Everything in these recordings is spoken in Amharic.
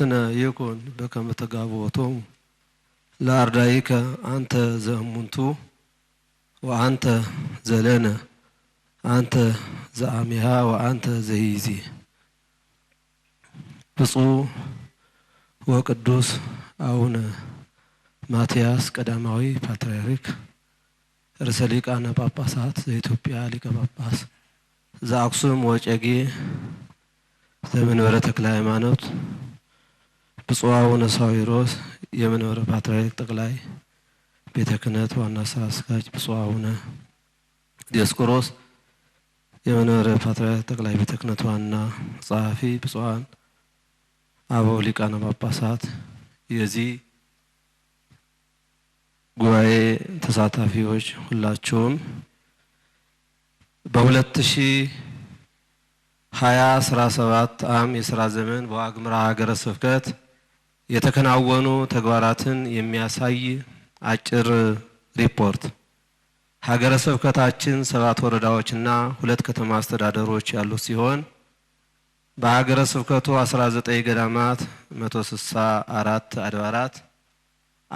ወንትነ ይኩን በከመ ተጋብኦቶሙ ለአርዳኢከ አንተ ዘእሙንቱ ወአንተ ዘለነ አንተ ዘአሚሃ ወአንተ ዘይዚ ብፁዕ ወቅዱስ አቡነ ማትያስ ቀዳማዊ ፓትርያርክ ርእሰ ሊቃነ ጳጳሳት ዘኢትዮጵያ ሊቀ ጳጳስ ዘአክሱም ወጨጌ ዘመንበረ ተክለ ሃይማኖት ብፁዕ አቡነ ሳዊሮስ የመንበረ ፓትርያርክ ጠቅላይ ቤተ ክህነት ዋና ስራ አስኪያጅ፣ ብፁዕ አቡነ ዲዮስቆሮስ የመንበረ ፓትርያርክ ጠቅላይ ቤተ ክህነት ዋና ጸሐፊ፣ ብፁዓን አበው ሊቃነ ጳጳሳት፣ የዚህ ጉባኤ ተሳታፊዎች ሁላችሁም በሁለት ሺህ ሀያ አስራ ሰባት ዓም የስራ ዘመን በዋግምራ ሀገረ ስብከት የተከናወኑ ተግባራትን የሚያሳይ አጭር ሪፖርት ሀገረ ስብከታችን ሰባት ወረዳዎችና ሁለት ከተማ አስተዳደሮች ያሉት ሲሆን በሀገረ ስብከቱ 19 ገዳማት፣ 164 አድባራት፣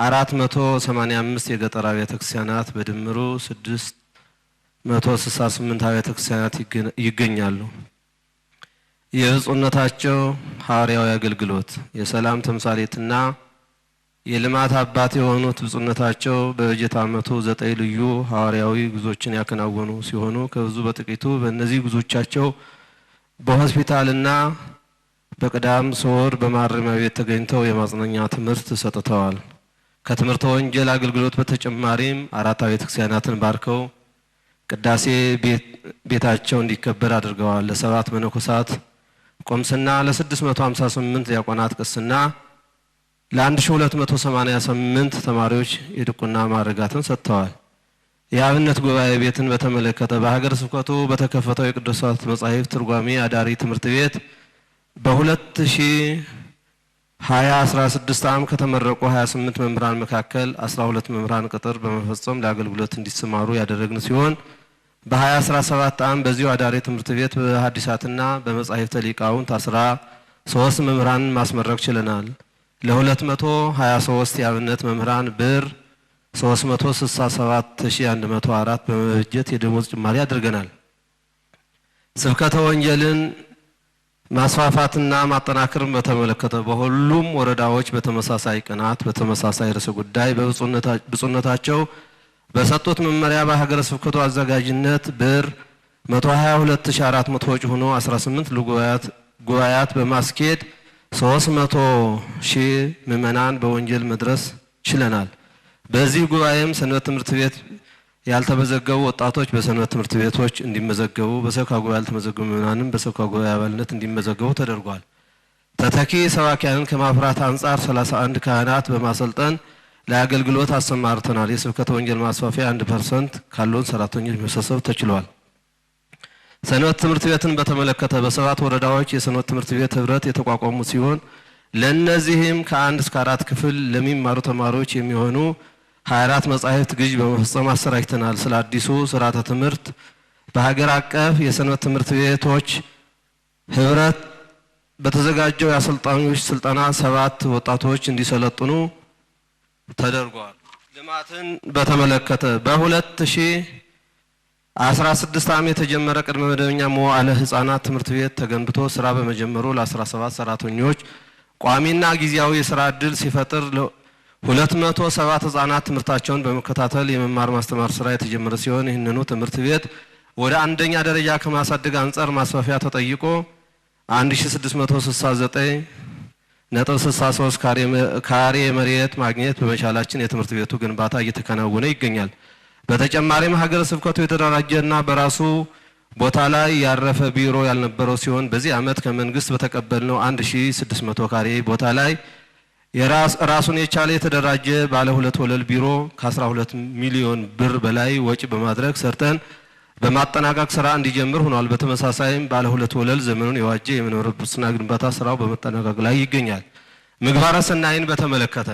485 የገጠር አብያተ ክርስቲያናት በድምሩ 668 አብያተ ክርስቲያናት ይገኛሉ። የብፁዕነታቸው ሐዋርያዊ አገልግሎት የሰላም ተምሳሌትና የልማት አባት የሆኑት ብፁዕነታቸው በበጀት ዓመቱ ዘጠኝ ልዩ ሐዋርያዊ ጉዞችን ያከናወኑ ሲሆኑ ከብዙ በጥቂቱ በእነዚህ ጉዞቻቸው በሆስፒታልና በቅዳም ስዑር በማረሚያ ቤት ተገኝተው የማጽናኛ ትምህርት ሰጥተዋል። ከትምህርተ ወንጌል አገልግሎት በተጨማሪም አራት አብያተ ክርስቲያናትን ባርከው ቅዳሴ ቤታቸው እንዲከበር አድርገዋል። ለሰባት መነኮሳት ቁምስና ለ658 ዲያቆናት ቅስና ለ1288 ተማሪዎች የድቁና ማዕረጋትን ሰጥተዋል። የአብነት ጉባኤ ቤትን በተመለከተ በሀገር ስብከቱ በተከፈተው የቅዱሳት መጻሕፍት ትርጓሚ አዳሪ ትምህርት ቤት በ2020/16 ዓ.ም ከተመረቁ 28 መምህራን መካከል 12 መምህራን ቅጥር በመፈጸም ለአገልግሎት እንዲሰማሩ ያደረግን ሲሆን በ2017 ዓም በዚሁ አዳሪ ትምህርት ቤት በሐዲሳትና በመጻሕፍተ ሊቃውንት 13 መምህራን ማስመረቅ ችለናል። ለ223 የአብነት መምህራን ብር 367104 በመበጀት የደሞዝ ጭማሪ አድርገናል። ስብከተ ወንጌልን ማስፋፋትና ማጠናከርን በተመለከተ በሁሉም ወረዳዎች በተመሳሳይ ቀናት በተመሳሳይ ርዕሰ ጉዳይ በብፁዕነታቸው በሰጡት መመሪያ በሀገረ ስብከቱ አዘጋጅነት ብር 122400 ወጪ ሆኖ 18 ጉባኤያት በማስኬድ 300 ሺህ ምዕመናን በወንጌል መድረስ ችለናል። በዚህ ጉባኤም ሰንበት ትምህርት ቤት ያልተመዘገቡ ወጣቶች በሰንበት ትምህርት ቤቶች እንዲመዘገቡ፣ በሰብካ ጉባኤ ያልተመዘገቡ ምዕመናንም በሰብካ ጉባኤ አባልነት እንዲመዘገቡ ተደርጓል። ተተኪ ሰባኪያንን ከማፍራት አንጻር 31 ካህናት በማሰልጠን ለአገልግሎት አሰማርተናል። የስብከተ ወንጌል ማስፋፊያ አንድ ፐርሰንት ካለውን ሰራተኞች መሰብሰብ ተችሏል። ሰንበት ትምህርት ቤትን በተመለከተ በሰባት ወረዳዎች የሰንበት ትምህርት ቤት ህብረት የተቋቋሙ ሲሆን ለእነዚህም ከአንድ እስከ አራት ክፍል ለሚማሩ ተማሪዎች የሚሆኑ 24 መጻሕፍት ግዥ በመፈጸም አሰራጅተናል። ስለ አዲሱ ስርዓተ ትምህርት በሀገር አቀፍ የሰንበት ትምህርት ቤቶች ህብረት በተዘጋጀው የአሰልጣኞች ስልጠና ሰባት ወጣቶች እንዲሰለጥኑ ተደርጓል። ልማትን በተመለከተ በ2016 አስራ ዓም የተጀመረ ቅድመ መደበኛ መዋዕለ ህጻናት ትምህርት ቤት ተገንብቶ ስራ በመጀመሩ ለ17 ሰራተኞች ቋሚና ጊዜያዊ የስራ እድል ሲፈጥር ሁለት መቶ ሰባት ህጻናት ትምህርታቸውን በመከታተል የመማር ማስተማር ስራ የተጀመረ ሲሆን ይህንኑ ትምህርት ቤት ወደ አንደኛ ደረጃ ከማሳደግ አንጻር ማስፋፊያ ተጠይቆ 1669። ነጥብ 63 ካሬ መሬት ማግኘት በመቻላችን የትምህርት ቤቱ ግንባታ እየተከናወነ ይገኛል። በተጨማሪም ሀገረ ስብከቱ የተደራጀና በራሱ ቦታ ላይ ያረፈ ቢሮ ያልነበረው ሲሆን በዚህ ዓመት ከመንግስት በተቀበልነው 1600 ካሬ ቦታ ላይ ራሱን የቻለ የተደራጀ ባለ ሁለት ወለል ቢሮ ከ12 ሚሊዮን ብር በላይ ወጪ በማድረግ ሰርተን በማጠናቀቅ ስራ እንዲጀምር ሆኗል። በተመሳሳይም ባለ ሁለት ወለል ዘመኑን የዋጀ የመኖር ቅድስና ግንባታ ስራው በመጠናቀቅ ላይ ይገኛል። ምግባረ ሰናይን በተመለከተ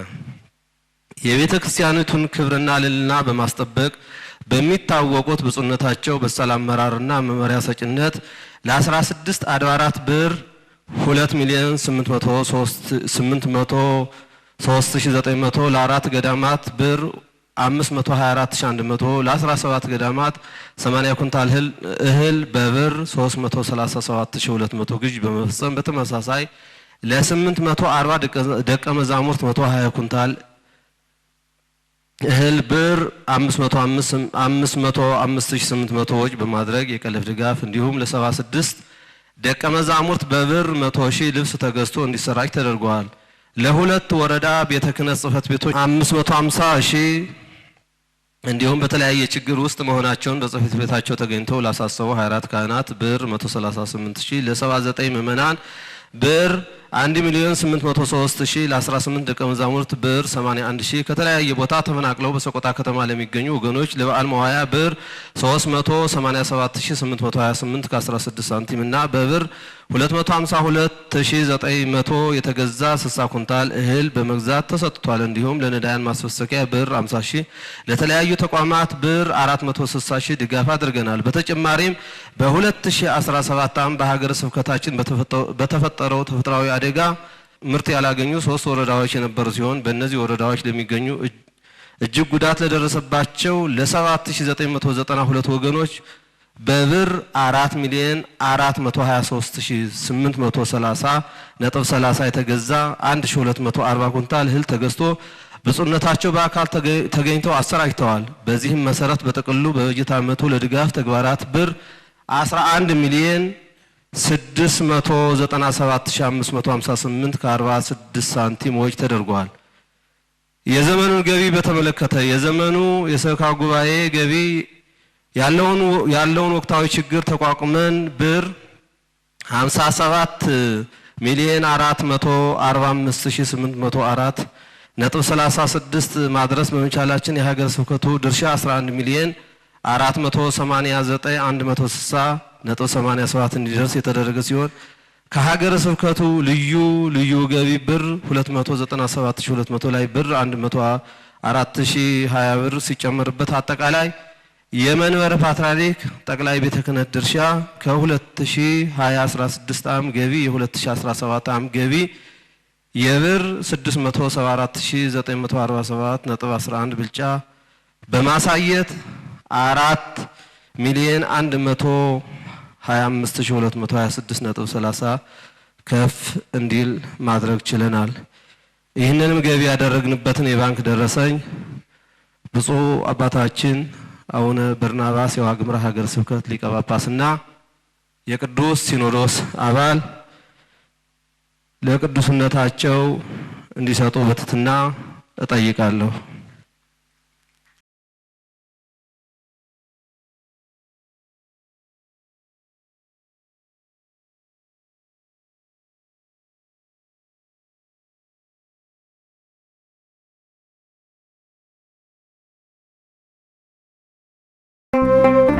የቤተ ክርስቲያኒቱን ክብርና ልልና በማስጠበቅ በሚታወቁት ብፁዕነታቸው በሰል አመራርና መመሪያ ሰጭነት ለ16 አድባራት ብር 2 ሚሊዮን 803 ለአራት ገዳማት ብር 524100 ለ17 ገዳማት 80 ኩንታል እህል በብር 337200 ግዥ በመፈጸም በተመሳሳይ ለ840 ደቀ መዛሙርት 120 ኩንታል እህል ብር 505800 ወጪ በማድረግ የቀለፍ ድጋፍ እንዲሁም ለ76 ደቀ መዛሙርት በብር 100000 ልብስ ተገዝቶ እንዲሰራጭ ተደርጓል። ለሁለት ወረዳ ቤተ ክህነት ቤቶች 550 ሺህ እንዲሁም በተለያየ ችግር ውስጥ መሆናቸውን በጽሕፈት ቤታቸው ተገኝተው ላሳሰቡ 24 ካህናት ብር 138 ሺህ ለ79 ምእመናን ብር አንድ ሚሊዮን 803 ሺህ ለ18 ደቀ መዛሙርት ብር 81 ሺህ ከተለያየ ቦታ ተፈናቅለው በሰቆጣ ከተማ ለሚገኙ ወገኖች ለበዓል መዋያ ብር 387828 ከ16 ሳንቲም እና በብር 252900 የተገዛ 60 ኩንታል እህል በመግዛት ተሰጥቷል። እንዲሁም ለነዳያን ማስፈሰኪያ ብር 50 ሺህ ለተለያዩ ተቋማት ብር 460 ሺህ ድጋፍ አድርገናል። በተጨማሪም በ2017 በሀገረ ስብከታችን በተፈጠረው ተፈጥሯዊ አደጋ ምርት ያላገኙ ሶስት ወረዳዎች የነበሩ ሲሆን በእነዚህ ወረዳዎች ለሚገኙ እጅግ ጉዳት ለደረሰባቸው ለ7992 ወገኖች በብር 4 ሚሊዮን 423830 ነጥብ 30 የተገዛ 1240 ኩንታል እህል ተገዝቶ ብፁዕነታቸው በአካል ተገኝተው አሰራጭተዋል። በዚህም መሰረት በጥቅሉ በበጀት ዓመቱ ለድጋፍ ተግባራት ብር 11 ሚሊዮን 697,558 ከ46 ሳንቲሞች ተደርጓል። የዘመኑን ገቢ በተመለከተ የዘመኑ የሰበካ ጉባኤ ገቢ ያለውን ወቅታዊ ችግር ተቋቁመን ብር 57 ሚሊዮን 445804 ነጥብ 36 ማድረስ በመቻላችን የሀገር ስብከቱ ድርሻ 11 ሚሊዮን 489160 ነጥብ 87 እንዲደርስ የተደረገ ሲሆን ከሀገረ ስብከቱ ልዩ ልዩ ገቢ ብር 297200 ላይ ብር 104020 ብር ሲጨመርበት አጠቃላይ የመንበረ ፓትርያርክ ጠቅላይ ቤተ ክህነት ድርሻ ከ2016 ዓም ገቢ የ2017 ዓም ገቢ የብር 674947.11 ብልጫ በማሳየት አራት ሚሊዮን አንድ መቶ 25226.30 ከፍ እንዲል ማድረግ ችለናል። ይህንንም ገቢ ያደረግንበትን የባንክ ደረሰኝ ብፁዕ አባታችን አቡነ በርናባስ የዋግምራ ሀገረ ስብከት ሊቀ ጳጳስና የቅዱስ ሲኖዶስ አባል ለቅዱስነታቸው እንዲሰጡ በትትና እጠይቃለሁ። Música